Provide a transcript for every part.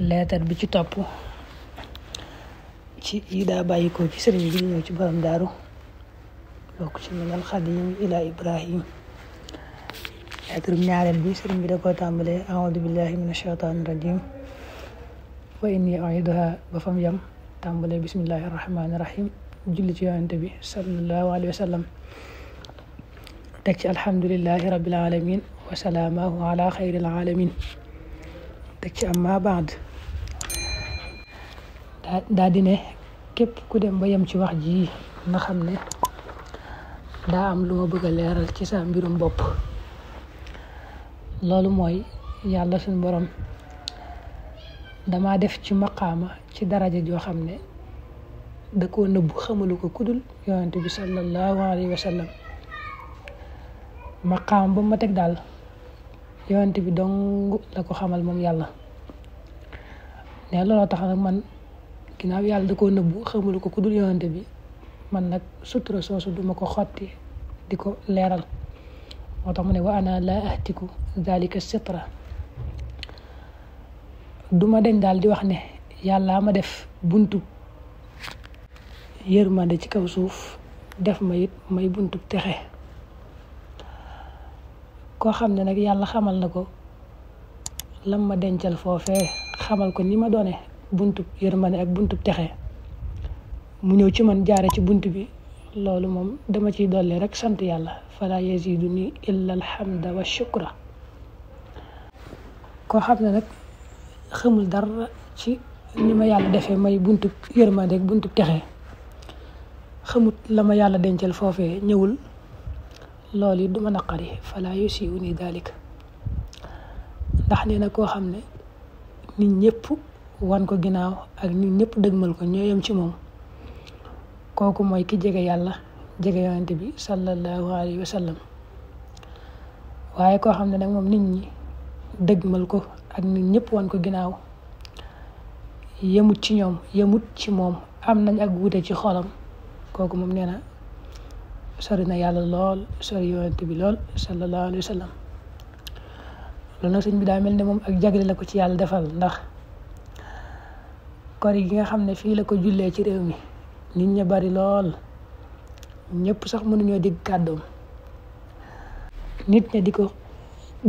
leetar bi ci topp ci yi daa bàyyi ko ci sëriñ bi ñëw ci borom daaru bokk ci mel alxadim ila ibrahim leetar bi ñaareel bi sëriñ bi da koo tàmbalee aoudu billahi min ashaitan rajim wa inni aiduha ba fam yam tàmbalee bismillahi rahmani rahim julli ci yonente bi sallallahu alayhi wa sallam teg ci alhamdulilahi rabil alamin wa salaamahu ala xayril alamin teg ci amma baad daa di ne képp ku dem ba yem ci wax ji na xam ne daa am lu ma bëgg a leeral ci sa mbirum bopp loolu mooy yàlla suñ borom dama def ci maqaama ci daraja joo xam ne da koo nëbbu xamalu ko kudul yonent bi sallallahu alayhi wa sallam ba ma teg daal yonent bi dong la ko xamal moom yàlla ne looloo tax man ginnaaw yàlla da koo nëbbu xamalu ko ku dul bi man nag sutura soosu duma ko xotti di ko leeral moo tax mu ne wa ana laa ahtiku dalika sitra duma deñ daal di wax ne yàllaa ma def buntu yërmande ci kaw suuf def ma it may buntu texe koo xam ne nag yàlla xamal na ko lam ma dencal foofee xamal ko ni ma doone buntub yërmande ak buntub texe mu ñëw ci man jaare ci bunt bi loolu moom dama ciy dolli rek sant yàlla fala yasidu ni illa alhamda wa shukra koo xam ne nag xamul dara ci ni ma yàlla defee may buntub yërmande ak buntub texe xamut la ma yàlla dencal foofee ñëwul lool yi duma naqari fala yusiu nii dalik ndax nee na koo xam ne nit ñëpp wan ko ginnaaw ak nit ñëpp dëgmal ko ñoo yem ci moom kooku mooy ki jege yàlla jege bi sallallahu alayhi waaye koo xam ne nag moom nit ñi dëgmal ko ak nit wan ko ginnaaw yemut ci ñoom yemut ci moom am nañ ak wuute ci xoolam kooku moom nee sori na yàlla lool sori yonent bi lool sallallahu alayhi wa sallam loolu na sëñ bi daa mel ni moom ak jagle la ko ci yàlla defal ndax kori gi nga xam ne fii la ko jullee ci réew mi nit ña bari lool ñépp sax mënuñoo digg kàddoom nit ña di ko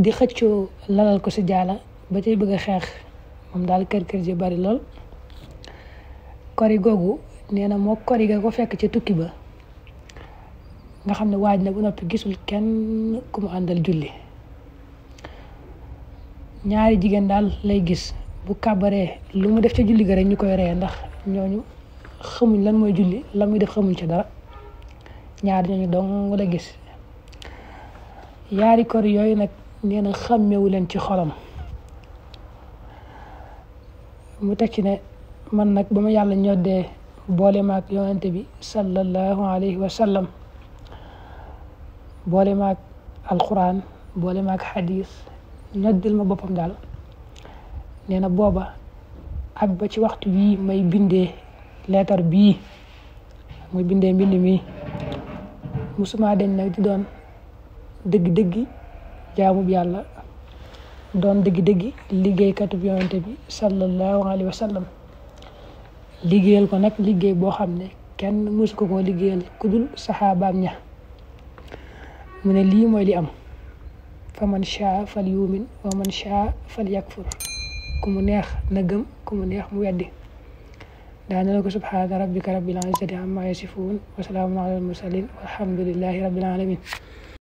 di xëccoo lalal ko si jaala ba tey bëgg xeex moom daal kër kër ji bari lool kori googu nee na moo kori ga ko fekk ca tukki ba nga xam ne waaj na bu noppi gisul kenn ku mu àndal julli ñaari jigéen daal lay gis bu kàbbaree lu mu def ca julli ga rek ñu koy ree ndax ñooñu xamuñ lan mooy julli la muy def xamuñ ca dara ñaari ñooñu dong la gis yaari kor yooyu nag nee na xàmmewu leen ci xolam mu teg ci ne man nag ba ma yàlla ñoddee boole maag yonente bi sallallahu alayhi wa sallam boole maag alquran boole maag xadis ñoddil ma boppam daal nee na booba ak ba ci waxtu bii may bindee leetar bii muy bindee mbind mi musuma dañ nag di doon dëgg-dëggi jaamub yàlla doon dëgg-dëggi liggéeykatub yonante bi sallallahu alayhi wa sallam liggéeyal ko nag liggéey boo xam ne kenn musu ko koo liggéeyal ku dul saxaabaam ña من الليم والأم فمن شاء فليؤمن ومن شاء فليكفر كم نيخ نجم كم نيخ مويدي دعنا لك سبحان ربك رب العزة عما يصفون وسلام على المرسلين والحمد لله رب العالمين